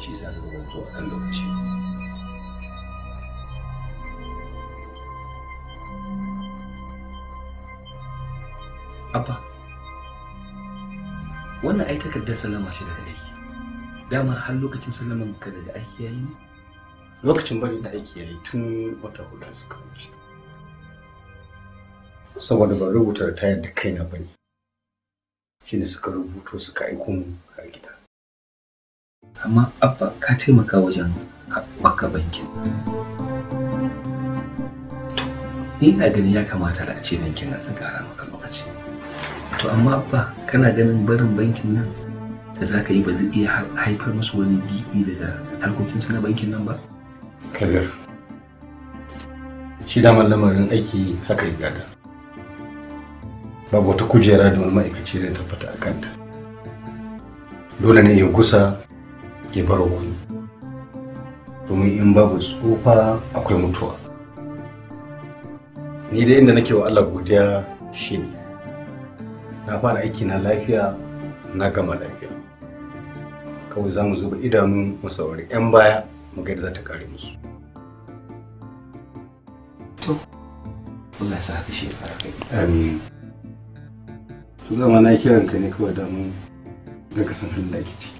ci za abba wannan ai takardar sallama ce daga aiki dama har lokacin sallaman ka daga aiki yayi ne lokacin bari da aiki yayi tun wata hudu suka wuce saboda ban rubuta da tayar da kaina shi shine suka rubuta suka aiko mu a gida amma abba ka taimaka wajen haɓaka bankin ni ina ganin ya kamata da a ce bankin nan sun maka lokaci to amma abba kana ganin barin bankin nan da za ka yi ba zai iya haifar masu wani bibi daga harkokinsu na bankin nan ba kabir shi damar lamarin aiki haka yi gada babu wata kujera da wani ma'aikaci zai tabbata a kanta dole ne ya gusa ya bar wani domin in babu tsufa akwai mutuwa ni da inda nake wa Allah godiya shine na fara aiki na lafiya na gama lafiya kawai za mu zuba idanu mu saurari 'yan baya mu ga za ta kare musu to Allah sa haka shi kai amin to dama na kiran ka ne kawai da na da ka da ake ciki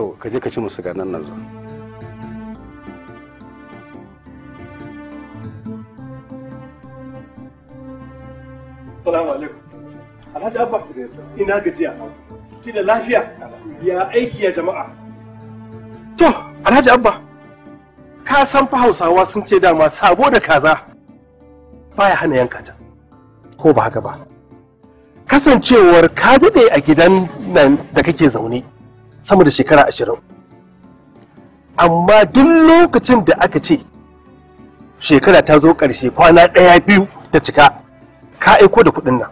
to ka je ka ci musu ganan nan zo Assalamu alaikum. Alhaji Abbas ina gajiya. Ki da lafiya? Ya aiki ya jama'a. To, Alhaji Abba, ka san fa Hausawa sun ce dama sabo da kaza baya hana yanka ta. Ko ba haka ba. Kasancewar ka daɗe a gidan nan da kake zaune. sama da shekara ashirin amma duk lokacin da aka ce shekara ta zo ƙarshe kwana ɗaya biyu ta cika ka aiko da kuɗin nan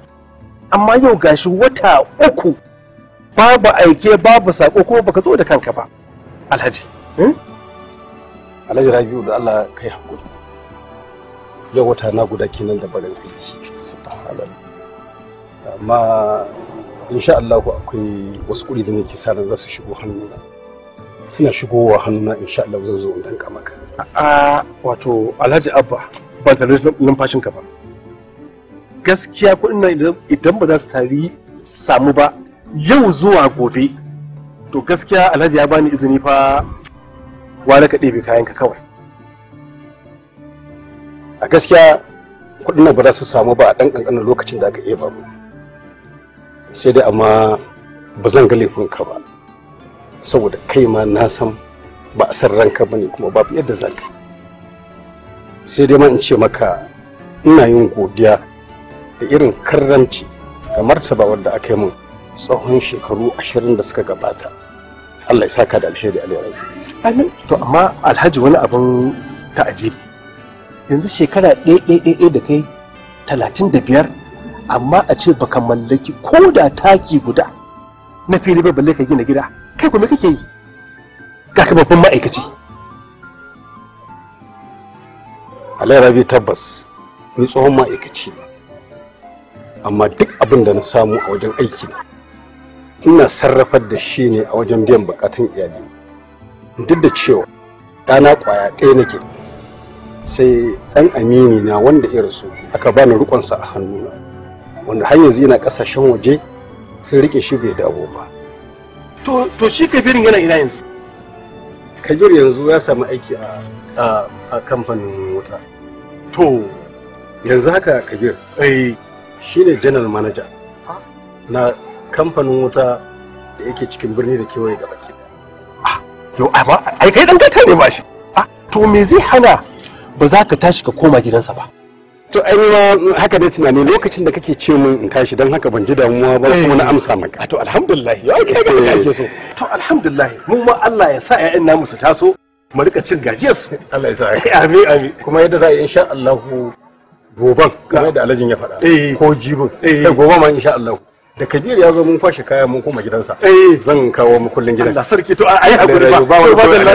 amma yau gashi wata uku babu aike babu sako kuma baka zo da kanka ba alhaji hmm? alhaji rabiu da allah kai hakuri yau wata na guda kenan da barin aiki subhanallah amma insha Allah akwai wasu kuɗi da nake sa za su shigo hannuna suna shigowa hannuna insha Allah zan zo in danka maka a wato Alhaji Abba ban tare numfashin ka ba gaskiya kuɗin nan idan ba za su tari samu ba yau zuwa gobe to gaskiya Alhaji ya bani izini fa wani ka ɗebe kayan ka kawai a gaskiya kuɗin nan ba za su samu ba a ɗan ƙanƙanin lokacin da aka iya ba mu sai dai amma ba zan ga ka ba saboda kai ma na san ba a san ranka ba ne kuma babu yadda za ka sai dai ma in ce maka ina yin godiya da irin karramci ga martaba wadda aka yi min tsawon shekaru ashirin da suka gabata allah ya saka da alheri alheri amin to amma alhaji wani abin ta'ajibi yanzu shekara ɗaya ɗaya ɗaya da kai talatin da biyar amma a ce baka mallaki ko da taki guda na fili ba balle ka gina gida kai kuma kake yi ga ka babban ma'aikaci Alayi Rabi tabbas ni tsohon ma'aikaci ne amma duk abin da na samu a wajen aiki na ina sarrafar da shi ne a wajen biyan bukatun iyali duk da cewa ɗana ƙwaya ɗaya nake sai ɗan amini na wanda ya rasu aka bani sa a hannuna wanda har yanzu yana kasashen waje sun rike shi bai dawo ba to to shi kabirin yana ina yanzu kabir yanzu ya samu aiki a a kamfanin wuta to yanzu haka kabir eh shine general manager na kamfanin wuta da yake cikin birni da kewaye gaba ke ah, yau ai kai dan gata ne ba shi ah, to me zai hana ba za ka tashi ka koma gidansa ba to ai ma haka ne tunani lokacin da kake ce mun in tashi don haka ban ji damuwa ba eh. kuma na amsa maka to alhamdulillah yau kai ga kake so eh. to alhamdulillah mu ma Allah ya sa ƴaƴan namu su taso mu rika cin gajiyar su Allah ya sa eh, amin amin kuma yadda za a yi insha Allah goban kamar da alajin ya faɗa ko jibin kai gobe ma insha Allah da kabir ya zo mun kwashe kaya mun koma gidansa zan kawo mu kullun gidan Allah sarki to ai hakuri ba ba da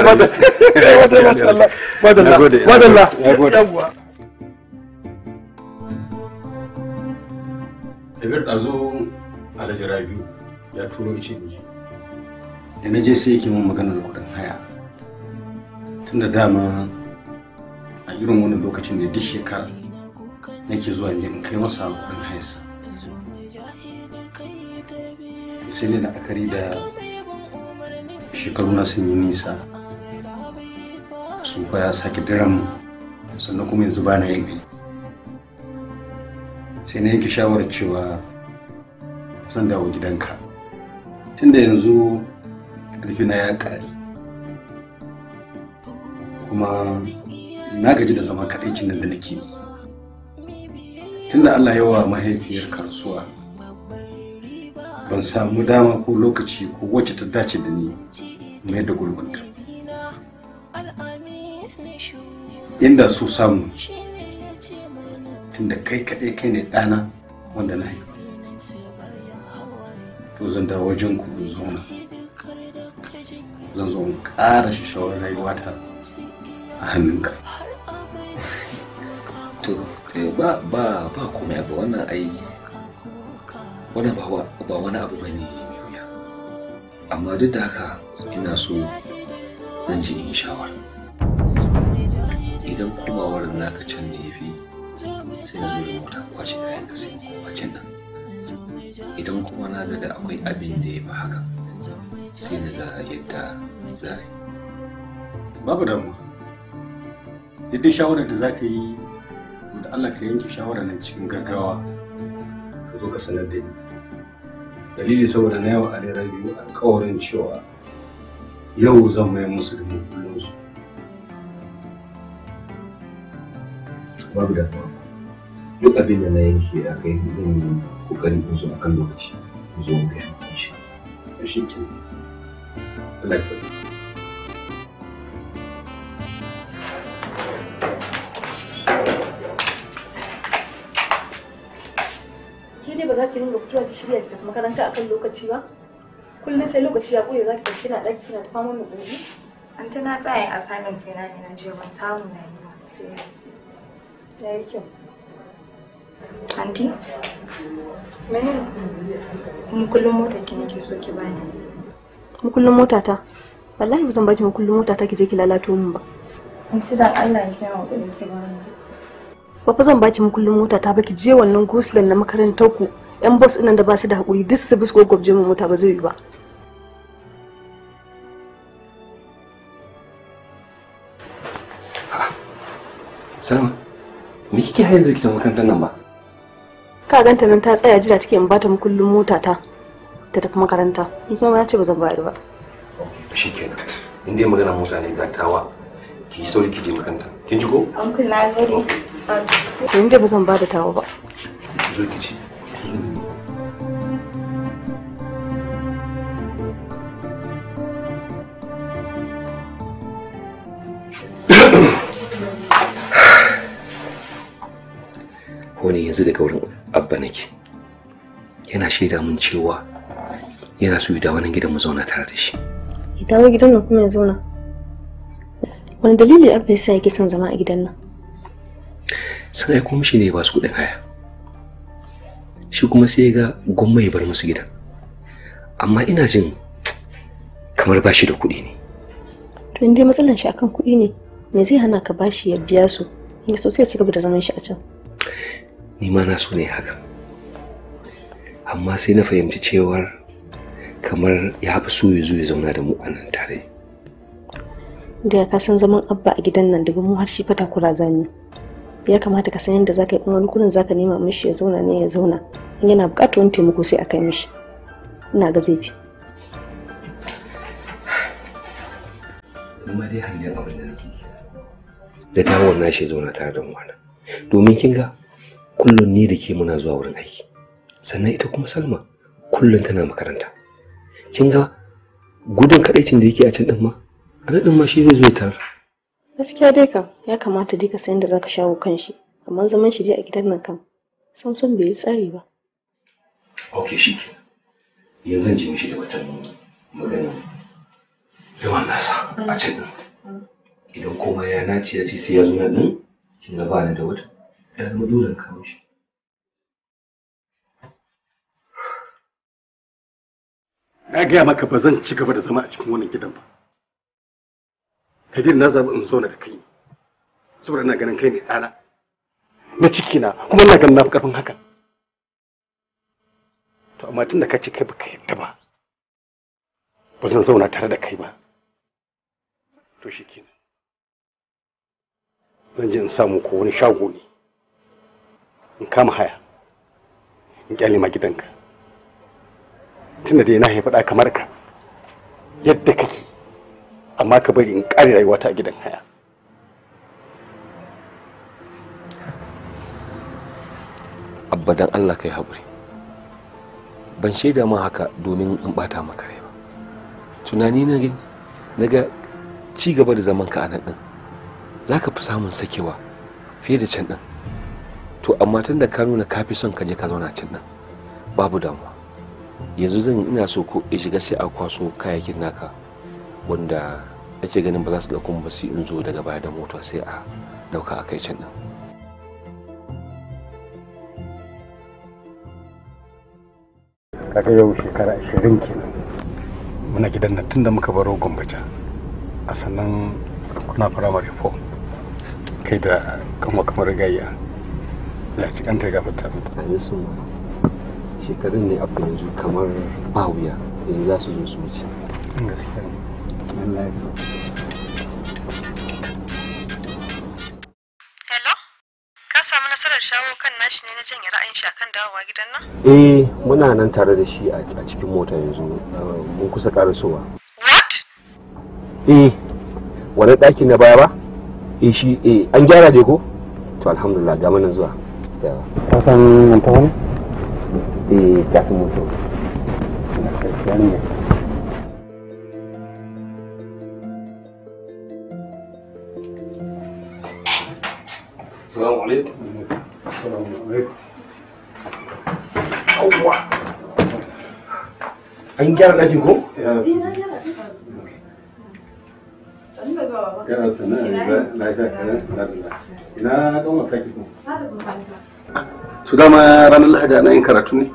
Allah ba da Allah ba da Allah Kabir ɗazu Alhaji biyu ya turo ice in Da na je sai yake min maganar kuɗin haya. Tunda dama a irin wani lokacin da duk shekara nake zuwa in kai masa kuɗin hayarsa. Sai ne akari da shekaru na sun yi nisa. sun ya sake diran sannan kuma yanzu ba na yin aiki. sai na yanke shawarar cewa zan dawo gidanka tunda yanzu ƙarfina ya ƙare kuma na gaji da zama kaɗaikin nan da nake tunda Allah yawa mahaifiyar karsuwa ban samu dama ko lokaci ko wacce ta dace da ni mai da gulgunta inda su samu tunda kai kaɗai kai ne ɗana wanda na haifa to zan dawo wajen ku in zauna zan zo in ƙara shawarar ta a hannunka to eh, ba ba ba komai ba wannan ai wannan ba wani abu ba ne amma duk da haka ina so zan je in shawara idan komawar naka can ne ya fi sai na nuna mata kwace da yanka sai kwacen nan idan kuma na ga da akwai abin da ya fi hakan, sai na ga yadda za a yi babu damu yadda shawarar da za ka yi da Allah ka yanke shawarar nan cikin gaggawa ka zo ka sanar da ni dalili saboda na yawa alera biyu alkawarin cewa yau zan mai musu da mukullinsu babu damuwa duk abin da na yanke a kai zan yi kokari in zo akan lokaci in zo mu gaya maka shi shi ke Allah ya ke dai ba za ki ringa fitowa ki shirya ki tafi makaranta akan lokaci ba kullum sai lokaci ya ƙure za ki tafi kina ɗaki kina tafa mana gobe an ta na tsaya assignment ɗina ne na jiya ban samu na yi ba sai ya yi kyau Anti? Me? Mukullin mota ki nake so ki bani. Mukullin mota ta? Wallahi ba zan baki mukullin mota ta ki je ki lalato min ba. In ci dan Allah ki yawo kudin ki bani. Ba fa zan baki mukullin mota ta ba ki je wannan gosulan na makarantar ku. Yan boss ɗin da ba su da haƙuri, duk su bisko gwabje mu mota ba zai yi ba. Salma, me kike har yanzu kitan makarantar nan ba? ka ganta nan ta tsaya jira take in bata mukullin mota ta ta tafi makaranta ni kuma na ce ba zan bayar ba shikenan kenan, dai magana mota ne za tawa ki sauri ki je makaranta kin ji ko uncle na gode um, to in dai ba zan da tawa ba zo ki ci Wani yanzu daga wurin abba nake yana shaida mun cewa yana so ya wani gidan mu zauna tare da shi ya dawo gidan nan kuma ya zauna wani dalili abba ya sa yake son zama a gidan nan sun aiko mishi ne ba su kuɗin haya shi kuma sai ga gwamma ya bar musu gidan amma ina jin kamar ba shi da kuɗi ne to in dai matsalan shi akan kuɗi ne me zai hana ka bashi ya biya su ne so sai ya ci gaba da zaman shi a can ni ma na so ne haka amma sai na fahimci cewar kamar ya fi so ya zo ya zauna da mu a nan tare da ka san zaman abba a gidan nan da mu har shi fata kura zami ya kamata ka san yadda zaka yi wani kurin zaka nema mishi ya zauna ne ya zauna in yana bukatar wani taimako sai a kai mishi ina ga zai fi kuma dai hanyar abin da nake da dawowar na shi zauna tare da mu domin kin kullum ni da ke muna zuwa wurin aiki sannan ita kuma salma kullum tana makaranta kin ga gudun kadaicin da yake a can din ma a nan din ma shi zai zo ya gaskiya dai kam ya kamata dai ka san yadda zaka shawo kan shi amma zaman shi dai a gidan nan kam samson bai yi tsari ba ok shi ke yanzu ji mishi da wata magana zaman nasa a can din idan komai ya nace ya ce sai ya zo nan din kin ga ba ni da wata ya zama dole in na gaya maka ba zan ci gaba da zama a cikin wannan gidan ba kadir na zaɓi in zauna da kai saboda ina ganin kai ne ɗana na ciki na kuma ina ganin na ƙarfin haka to amma tun da ka ce kai yadda ba ba zan zauna tare da kai ba to shi kenan zan je in samu ko wani shago ne in kama haya in kyale ma gidanka tunda dai na haifa da kamar ka yadda kake amma ka bari in kare rayuwata a gidan haya abadan Allah kai haƙuri ban shaida ma haka domin in bata maka rai ba tunani na daga ci gaba da zaman ka a nan din za fi samun sakewa fiye da can din to amma tun da ka nuna ka fi son ka je ka zauna can nan babu damuwa yanzu zan ina so ko ya shiga sai a kwaso kayayyakin naka wanda ake ganin ba za su ɗauko ba sai in zo daga baya da mota sai a ɗauka a kai can nan kaga yau shekara ashirin kenan muna gidan nan tunda muka baro gombaja a sannan kuna firamare 4 kai da kanwa kamar gayya ya ci kanta ga fata amin su shekarun ne abu yanzu kamar ba wuya yanzu eh, za su zo su wuce gaskiya ne Allah ya shawo kan nashi ne na janye ra'ayin shi akan dawowa gidan nan? Eh, muna nan tare da shi a cikin mota yanzu. Eh, mun kusa karasowa. What? Eh, wani ɗaki na baya ba? Eh shi eh an gyara dai ko? To alhamdulillah ga mana zuwa. Jawa. Pasang mentawanya? Di Kasumutu. Nah, kerjanya. Assalamualaikum. Assalamualaikum. Allah. An gyara ɗakin ko? Ya, sana. lafiya kanan lafiya. Ina ɗan wa kaki ko? to dama ranar lahadi ana yin karatu ne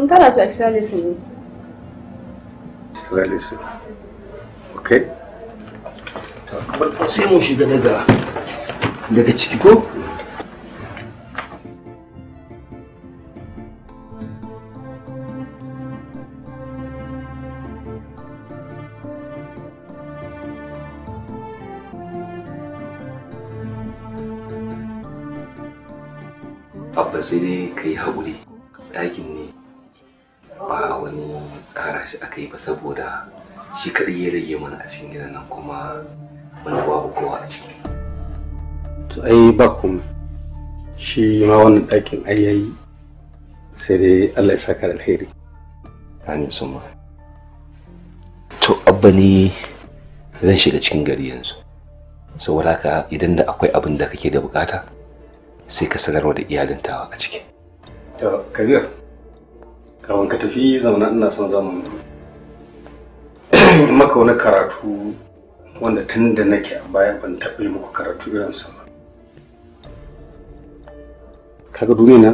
in karatu extra lesson ne extra lesson okay sai mun shiga daga daga ciki ko babba sai dai ka yi haƙuri ɗakin ne ba wani tsara shi aka yi ba saboda shi kaɗai ya rage mana a cikin gidan nan kuma wani babu kowa a ciki to ai ba kuma shi ma wannan ɗakin ai yayi sai dai Allah ya saka alheri amin suma to abba ni zan shiga cikin gari yanzu saboda haka idan da akwai abin da kake da bukata sai ka sanarwa da iyalin tawa a ciki to kabir kawon ka tafi zauna ina son zamu maka wani karatu wanda tun da nake a baya ban taɓa yi muku karatu irin sa ba kaga duniya na?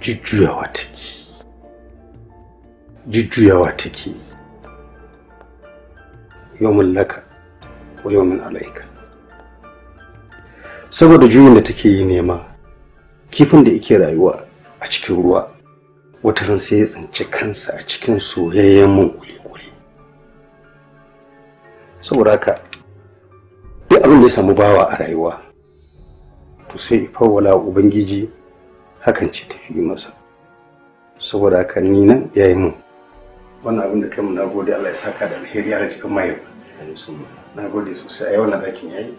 jujjuyawa take jujjuyawa take yawmin laka wa yawmin alaika saboda juyin da take yi nema kifin da yake rayuwa a cikin ruwa ran sai ya tsinci kansa a cikin soyayyen mun kuli-kuli saboda haka duk abin da ya samu bawa a rayuwa to sai ifawala ubangiji hakan ce tafi masa saboda haka ni nan ya yi mun wannan abin da kai mu na gode Allah ya saka da alheri a cikin mahaifa na gode sosai a yau na dakin yayi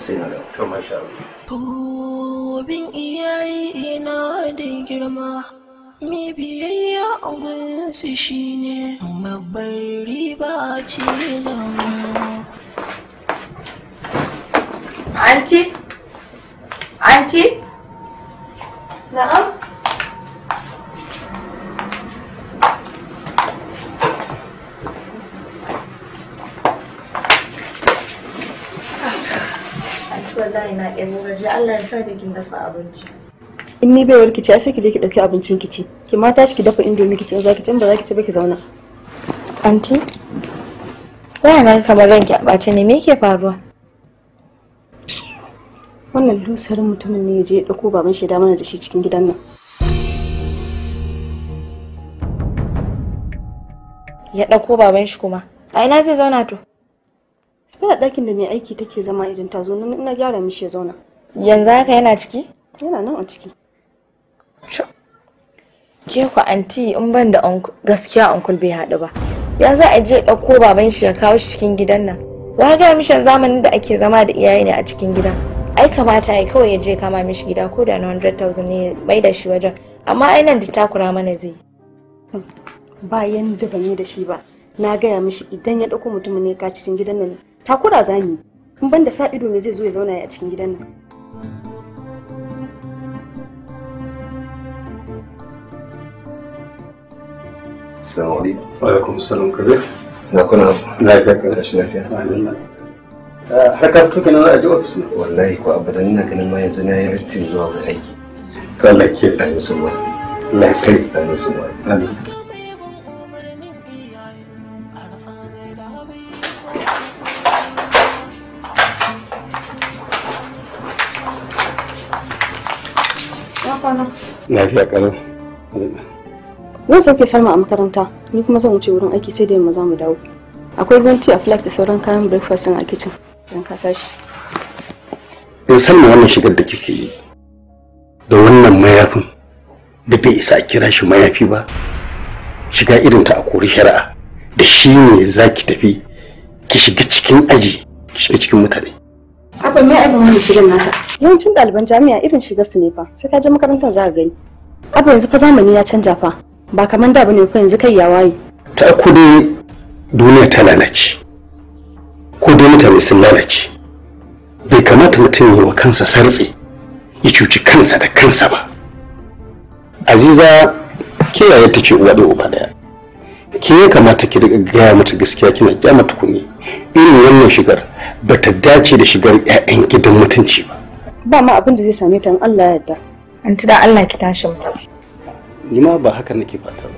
sai na dawo to masha Allah iyaye da girma me a gunsu shine babbar riba ce na'am wallahi na ƙebo gaji Allah ya sa da kin dafa abinci in ni bai warki ce sai ki je ki dauki abincin ki ci ki ma tashi ki dafa indomi ki ci za ki ci ba za ki ci ba ki zauna anti Wai nan kamar ranki a ɓace ne me yake faruwa wannan lusarin mutumin ne ya je ya dauko baban shi da mana da shi cikin gidan nan ya dauko baban shi kuma a ina zai zauna to Tafiya ɗakin da mai aiki take zama idan ta zo nan ina gyara mishi ya zauna. Yanzu haka yana ciki? Yana nan a ciki. Ke ku anti in ban da gaskiya Uncle bai haɗu ba. Ya za a je ɗauko baban shi ya kawo shi cikin gidan nan. Wa ga mishan zamanin da ake zama da iyaye ne a cikin gidan. Ai kamata ya kawai ya je kama mishi gida ko da na 100,000 ne mai da shi wajen. Amma ai nan da takura mana zai. Bayan da ban da shi ba. Na gaya mishi idan ya ɗauko mutumin ne ka cikin gidan nan takura za mu in ban da sa ido ne zai zo ya zauna a cikin gidan nan Assalamu alaikum. Wa alaikum salam kabir. Na kuna lafiya kan rashin lafiya. Ah, har ka tuka nan a ji ofis Wallahi ko abadan ina ganin ma yanzu na yi rattin zuwa ga aiki. To Allah ke yi musu ba. Allah sai da musu ba. Amin. Lafiya Zan sauke Salma a makaranta, ni kuma zan wuce wurin aiki sai da yamma za mu dawo. Akwai ruwan tea a flax da sauran kayan breakfast a kitchen. Idan ka tashi. In eh, Salma wannan shigar da kike yi da wannan mayafin da bai isa a kira shi mayafi ba. Shiga irin ta a kori shari'a da shi ne za ki tafi ki shiga cikin aji ki shiga cikin mutane. akwai mai abin wani shigan nata yawancin ɗaliban jami'a irin shigar su ne fa sai ka je makarantar za ka gani abu yanzu fa zamani ya canja fa ba kamar da bane fa yanzu kai ya waye ta ku dai duniya ta lalace ko dai mutane sun lalace bai kamata mutum ya wa kansa sartse ya cuci kansa da kansa ba aziza kiyaye ta ce uwa da uba daya ke ya kamata ki riga gaya mata gaskiya kina mata kuni. irin wannan shigar ba ta dace da shigar 'ya'yan gidan mutunci ba ba ma abin da zai same ta in Allah ya yarda an da Allah ki tashi mu ni ma ba haka nake fata ba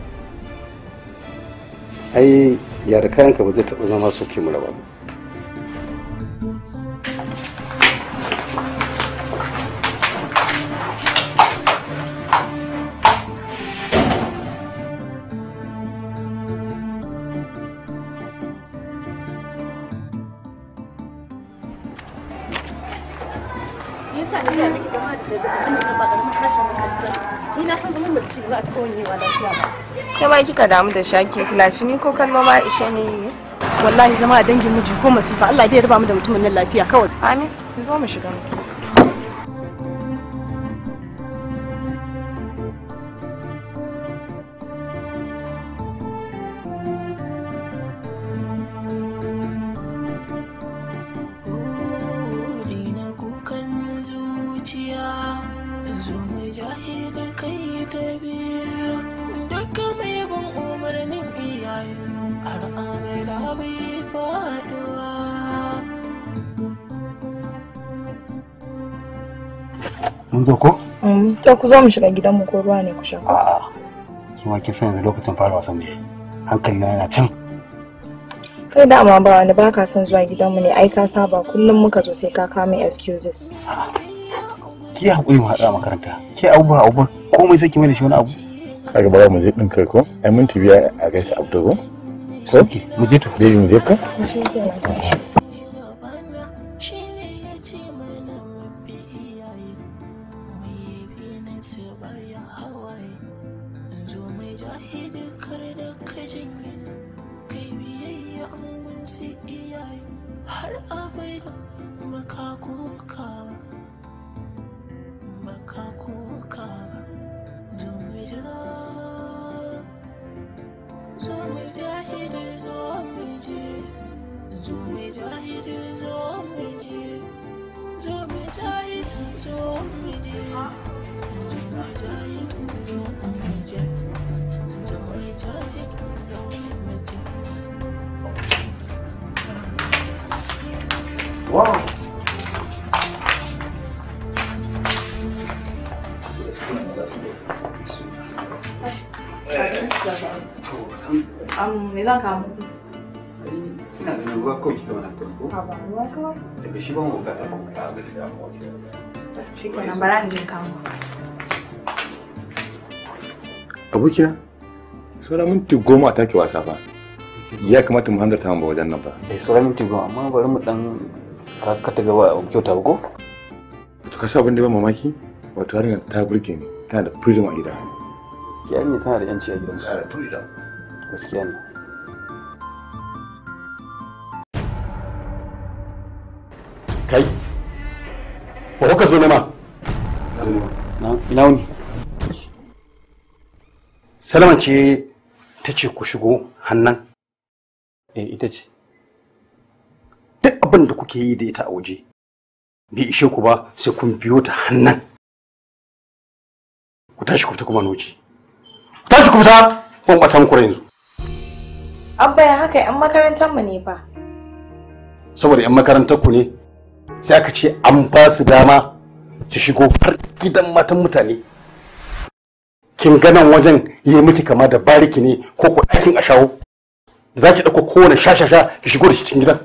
ai yarda kayanka ba zai taɓa zama soke mu raba ba ke ma kika damu da shaki filashi ni ko kalma ma ishe ne wallahi zama a dangin miji ko masifa Allah ya raba mu da mutumin nan lafiya kawai amin zo mu shiga mu mai mun zo ko? Mm, ta ku zo mu shiga gidanmu ko ruwa ne ku sha a'a ki ma kin san lokacin fara wasan ne hankali na yana can kai da amma ba wani baka son zuwa gidanmu ne ai ka saba kullum muka zo sai ka kawo mai excuses ki hakuri mu haɗa makaranta ki abubuwa abubuwa komai sai ki mai da shi wani abu kaga ba mu je ɗin kai ko ai mun tibiya a gaisa abdu ko Okay, mzito. Bili mzito. 와우. 네. 아, 내가 가. 그냥 누가 거기 있다고 놨던 거. 아, 누가 거? 내가 시범 못 가다 보니까 그래서 안 먹었어요. shi minti goma ta take wasa fa ya kamata mu hanzarta mu ba nan ba eh minti goma amma bari mu dan ka ta ba kyauta ko to ka sa abin da ba mamaki wato har ta tana da freedom a gida gaskiya ne tana da yanci a gidan kai wa kuka zo nema ina wuni salaman ce ta ce ku shigo hannan eh ita ce duk abin da kuke yi da ita a waje bi ishe ku ba sai kun biyo ta hannan ku tashi ku fita kuma noci ku tashi ku fita kun bata muku yanzu abba ya haka yan makarantar mu ne fa saboda yan makarantar ku ne sai aka ce an ba su dama su shigo har gidan matan mutane kin ganan wajen yi miki kama da bariki ne ko ku ɗakin a shawo za ki ɗauko kowane shashasha ki shigo da shi cikin gidan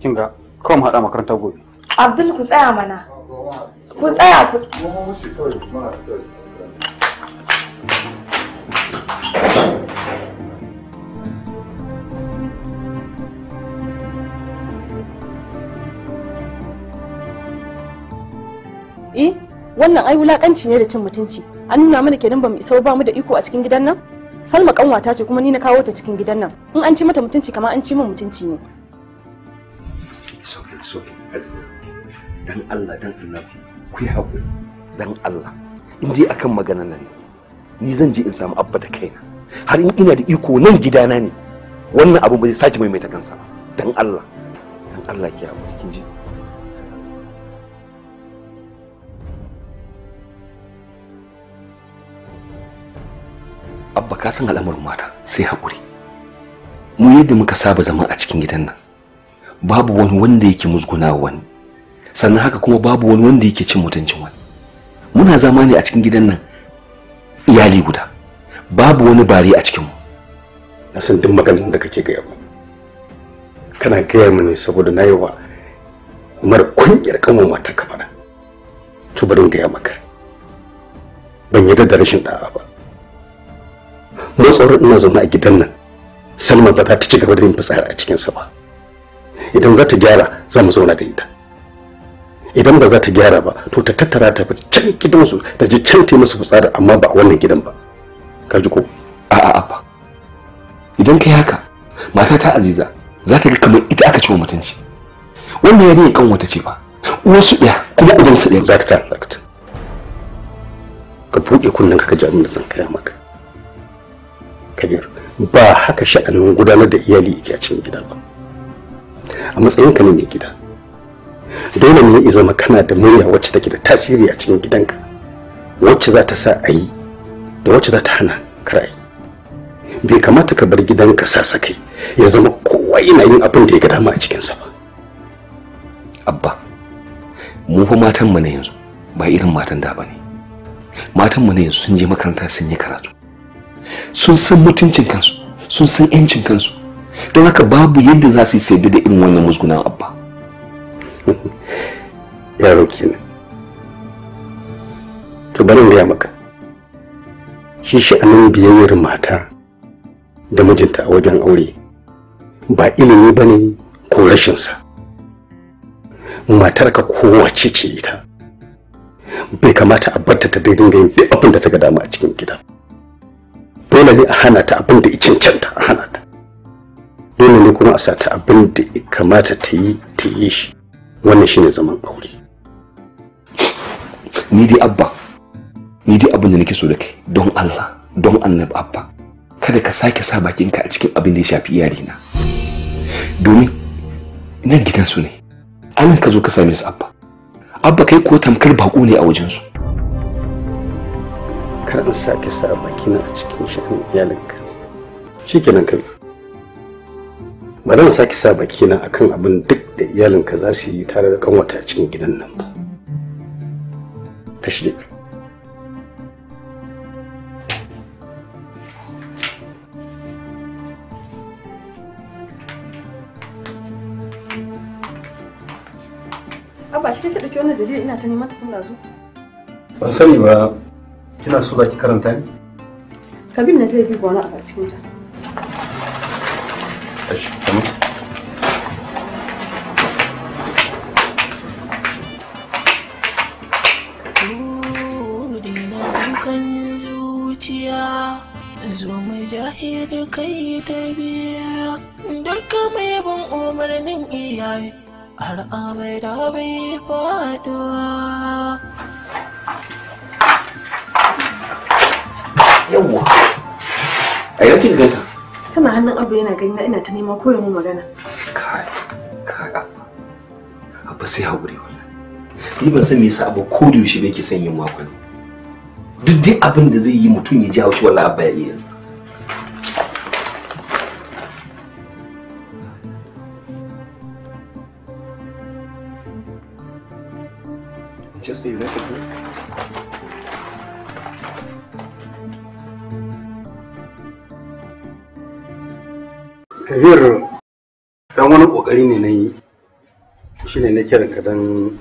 kin ga kawai mu haɗa makaranta gobe abdul ku tsaya mana ku tsaya ku tsaya eh wannan ai wulakanci ne da cin mutunci an nuna mana kenan bamu isa ba mu da iko a cikin gidan nan salma kanwata ce kuma ni na kawo ta cikin gidan nan in an ci mata mutunci kamar an ci min mutunci ne dan Allah dan annabi ku yi hakuri dan Allah in dai akan maganar nan ni zan je in samu abba da kaina har in ina da iko nan gidana ne wannan abu ba zai sake maimaita kansa ba dan Allah dan Allah ki hakuri kin ji ka san al'amarin mata sai hakuri, mu yadda muka saba zama a cikin gidan nan babu wani wanda yake musguna wani sannan haka kuma babu wani wanda yake cin mutuncin wani muna zama ne a cikin gidan nan iyali guda babu wani bari a cikinmu na san duk maganin da kake gaya mu kana gaya mu ne saboda na yi wa mara kunyar kanwa mata ka to bari gaya maka ban yarda da rashin da'a ba mun tsoron ina zaune a gidan nan salma ba za ta ci gaba da yin fitsari a cikinsa ba idan za ta gyara za mu zauna da ita idan ba za ta gyara ba to ta tattara ta fi can gidansu ta je can ta musu fitsari amma ba a wannan gidan ba ka ji ko a'a ba idan kai haka mata ta aziza za ta ga kamar ita aka ci wa mutunci wannan ya kan wata ce ba wasu ɗaya kuma su ɗaya za ta ta ka buɗe kunnen ka ka jami'in da zan kaya maka kabir ba haka sha'anin gudanar da iyali yake a cikin gida ba a matsayin ka ne mai gida dole ne ya zama kana da murya wacce take da tasiri a cikin gidanka wacce za ta sa a yi da wacce za ta hana karai bai kamata ka bar gidanka sasakai ya zama kowa yana yin abin da ya ga dama a cikinsa ba abba mu fa matan mu na yanzu ba irin matan da ba ne matan mu na yanzu sun je makaranta sun yi karatu sun san mutuncin kansu sun san yancin kansu don haka babu yadda za su yi da irin wannan musgunan abba yaro kenan to bari gaya maka shi sha'anin biyayyar mata da mijinta a wajen aure ba ilimi ba ne ko rashinsa ka kowace ce ita bai kamata a barta ta dinga yin duk abin da ta ga dama a cikin gida dole ne a hana ta abin da cancanta a hana ta dole ne kuma a sa ta abin da kamata ta yi ta yi shi wannan shine zaman aure ni dai abba ni dai abin da nake so da kai don Allah don annabi abba kada ka sake sa bakinka a cikin abin da ya shafi na. domin nan gidansu ne anan ka zo ka same su abba abba kai ko tamkar bako ne a wajen su. kar in ki sa bakina a cikin ka iyalinka shikenan kai ba zan ki sa bakina akan abin duk da iyalinka za su yi tare da kanwata a cikin gidan nan ba ta da shi kake ɗauki wannan jarida ina ta neman ta tun da zo. Ban sani ba kina so za ki karanta ni kabin na zai bi wani a cikin ta zo mu jahidu kai ta biya duka mai bin umarnin iyaye har amai da bai faduwa a yi kin ganta tana hannun abu yana gani na ina ta neman koyon mu magana kai kai abba sai haƙuri wallahi ni ban san me yasa abu ko da yaushe bai ke son yin makon duk dai abin da zai yi mutum ya ji haushi wallahi abba ya iya Manchester United kabir dan wani kokari ne na yi shi ne na kiran ka dan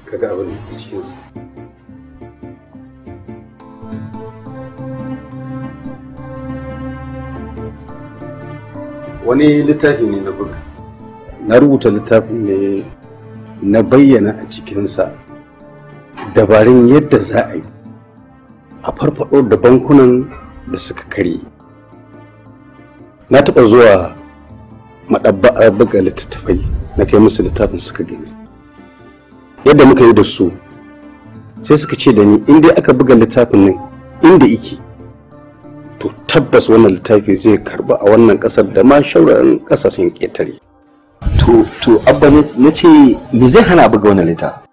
abin cikin su wani littafi ne na buga na rubuta littafin ne na bayyana a cikinsa dabarun yadda za a yi a farfado da bankunan da suka karye na taɓa zuwa maɗabba'a buga littattafai na kai musu littafin suka gani yadda muka yi da su sai suka ce da ni in aka buga littafin nan inda iki to tabbas wannan littafi zai karba a wannan kasar da ma shauraran kasashen ƙetare to to abba na ce me zai hana buga wannan littafi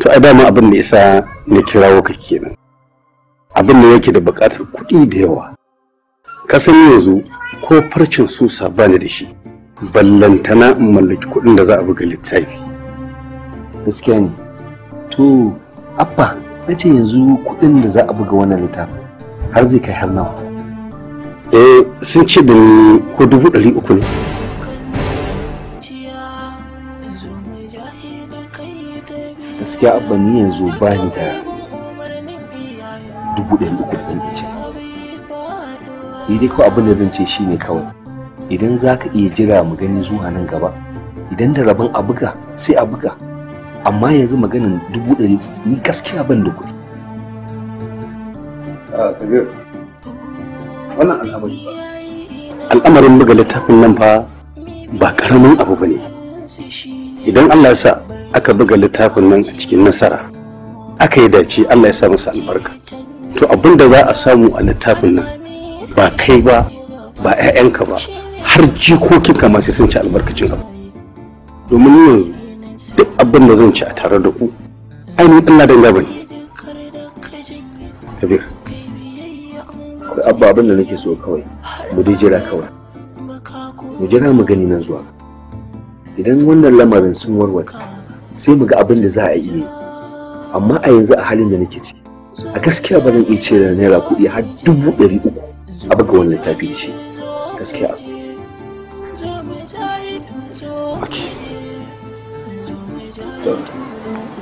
to a dama abin da isa ne kirawo ka kenan abin da yake da buƙatar kuɗi da yawa kasan yanzu ko farcin susa ba da shi ballantana in mallaki kuɗin da za a buga littafi gaskiya ne to abba na ce yanzu kuɗin da za a buga wannan littafi har zai kai har nawa eh sun ce da ni ko dubu ɗari uku ne gaskiya abba ni yanzu ba ni da dubu ɗari uku da zan ce ni dai ko abin da zan ce shine kawai idan za ka iya jira mu gani zuwa nan gaba idan da rabon a buga sai a buga amma yanzu maganin dubu ɗari ni gaskiya ban da kuɗi. Ah, wannan al'amari ba al'amarin buga littafin nan fa ba ƙaramin abu ba ne idan allah ya sa aka buga littafin nan a cikin nasara aka yi dace allah ya sa masa albarka to abin da za a samu a littafin nan ba kai ba ba 'ya'yanka ba har jikokin kama sai sun ci albarkacin abu domin yanzu duk abin da zan ci a tare da ku ainihin Allah danga ne kabir akwai abba abin da nake so kawai mu dai jira kawai mu jira mu gani nan zuwa idan wannan lamarin sun warware sai mu ga abin da za a yi. amma a yanzu a halin da nake ci a gaskiya ba zan iya da naira kuɗi har dubu ɗari uku a buga wannan tafi shi gaskiya to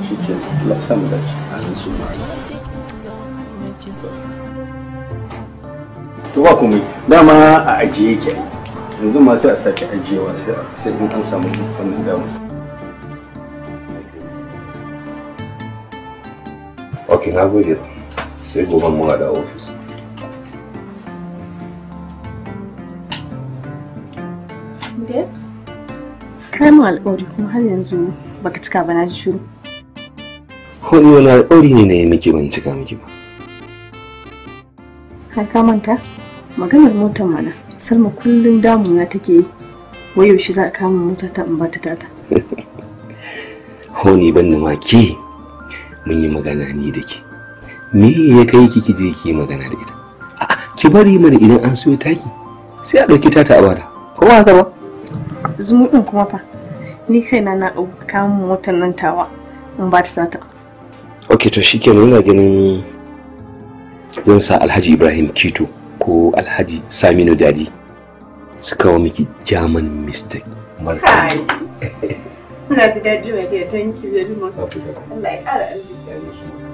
shi ke lasan to ba kuma dama a ajiye ke yanzu ma sai a sake ajiyewa sai in an samu wannan damar Ok, na gode. Sai gobe mu da ofis. Kai mu alƙawari kuma har yanzu baka cika ba na ji shuru wani wani alƙawari ne na yi miki ban cika miki ba har ka manta maganar motar mana salma kullum damuna take yi wai yaushe za a kama mota ta in bata tata honi ban da maki mun yi magana ni da ke me ya kai ki ki je ki yi magana da ita ki bari mana idan an so taki sai a ɗauki tata a bada kuma haka ba zumuɗin kuma fa ni kaina na kan motar nan tawa in ba ta sata ok to shi ke nuna ganin zan sa alhaji ibrahim kito ko alhaji saminu dadi su kawo miki german mistake marsa ina ji daɗi mai thank you very much Allah ya kara arziki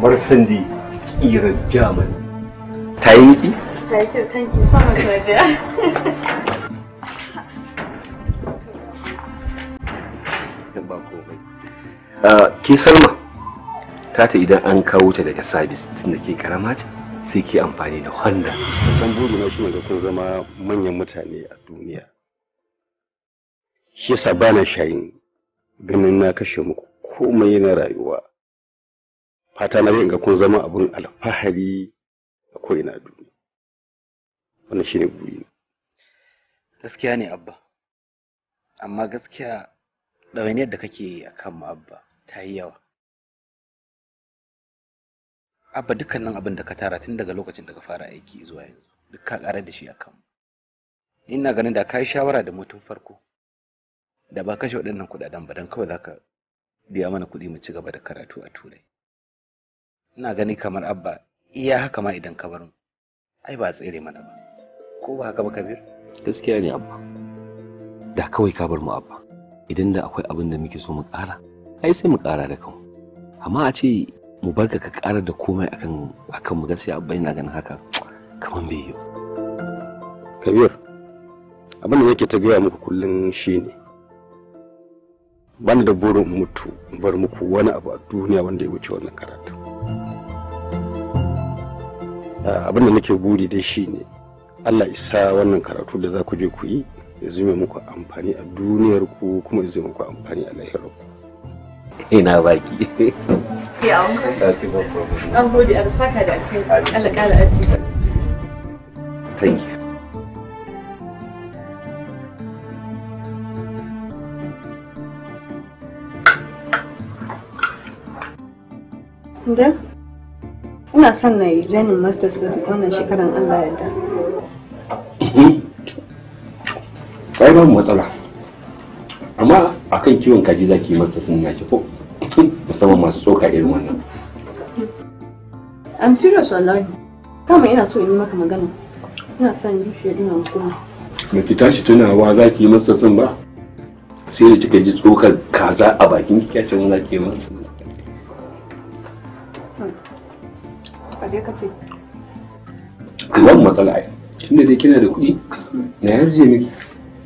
marsandi ƙirar jamani ta yi miki? ta yi kyau thank you so much my dear ke ah, salma tata idan an kawo ta daga sabis tunda ke karama ce sai ke amfani da honda can buru na shi da kun zama manyan mutane a duniya shi yasa ba na shayin ganin na kashe muku komai na rayuwa fata na yin ga kun zama abin alfahari a ko'ina na duniya wannan shine buri gaskiya ne abba amma gaskiya ɗawainiyar da kake yi a kan abba ta yi yawa abba dukkanin abin da ka tara tun daga lokacin da ka fara aiki zuwa yanzu duk ka ƙara da shi a kan ina ganin da ka yi shawara da mutum farko da ba kashe waɗannan kuɗaɗen ba don kawai za ka biya mana kuɗi mu ci gaba da karatu a turai ina gani kamar abba iya haka ma idan ka bar mu ai ba tsere mana ba ko ba haka ba kabir gaskiya ne abba da kawai ka bar mu abba idan da akwai abin da muke so mu ƙara ai sai mu ƙara da kanmu amma a ce mu barka ka ƙara da komai akan akan mu gaskiya abba ina ganin haka kamar bai yi kabir abin da nake ta gaya muku kullum shine bani da burin mutu bar muku wani abu a duniya wanda ya wuce wannan karatu Ah, abin da nake buri dai shine Allah isa wannan karatu da za ku je ku yi ya zume muku amfani a duniyar ku kuma ya zume muku amfani a lahirar ku ina baki an saka da Yeah. ina son na yi janin masters ga wannan shekaran allah yadda kai babu matsala amma akan kiwon kaji za ki yi masters sun yaki ko musamman masu tsoka irin wannan i'm serious wallahi kama ina so in yi maka magana ina son ji sai ina hukuma ba ki tashi tunawa za ki yi masters ba sai da kika ji tsokar kaza a bakin ki kyacin za ki yi masters dai ka ce babu matsala ai tunda dai kina da kuɗi na yarje miki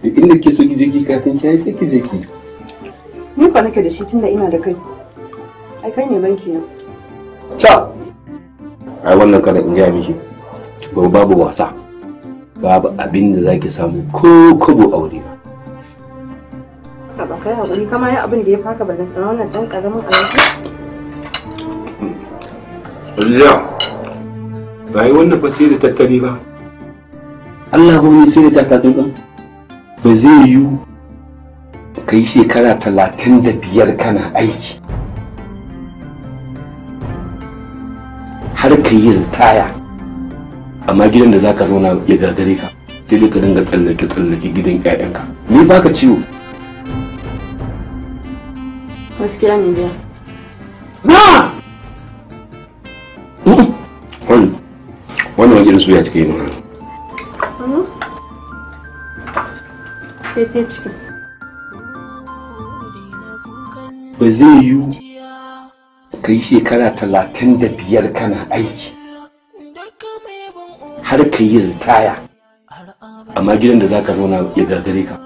da inda ke so ki je ki katin ki sai ki je ki ni fa nake da shi tunda ina da kai ai kai ne banki ta ai wannan kada in gaya miki gobe babu wasa babu abin da zaki samu ko kobo aure ba kai hakuri kama yi abin da ya faka ba da wannan dan karamin alaƙa Yeah. bai wannan fa sai da tattali ba Allah ko ba sai da takatsantsan ba zai yiwu ka yi shekara talatin da biyar kana aiki har ka yi ritaya amma gidan da zaka zauna ya gagare ka sai dai ka dinga tsallake tsallake gidan 'ya'yanka ni baka ciwo gaskiya ne dai na wannan wajen suya kika yi nuna ba zai ka kai shekara talatin da biyar kana aiki har ka yi ritaya amma gidan da za ka zauna ya gagare ka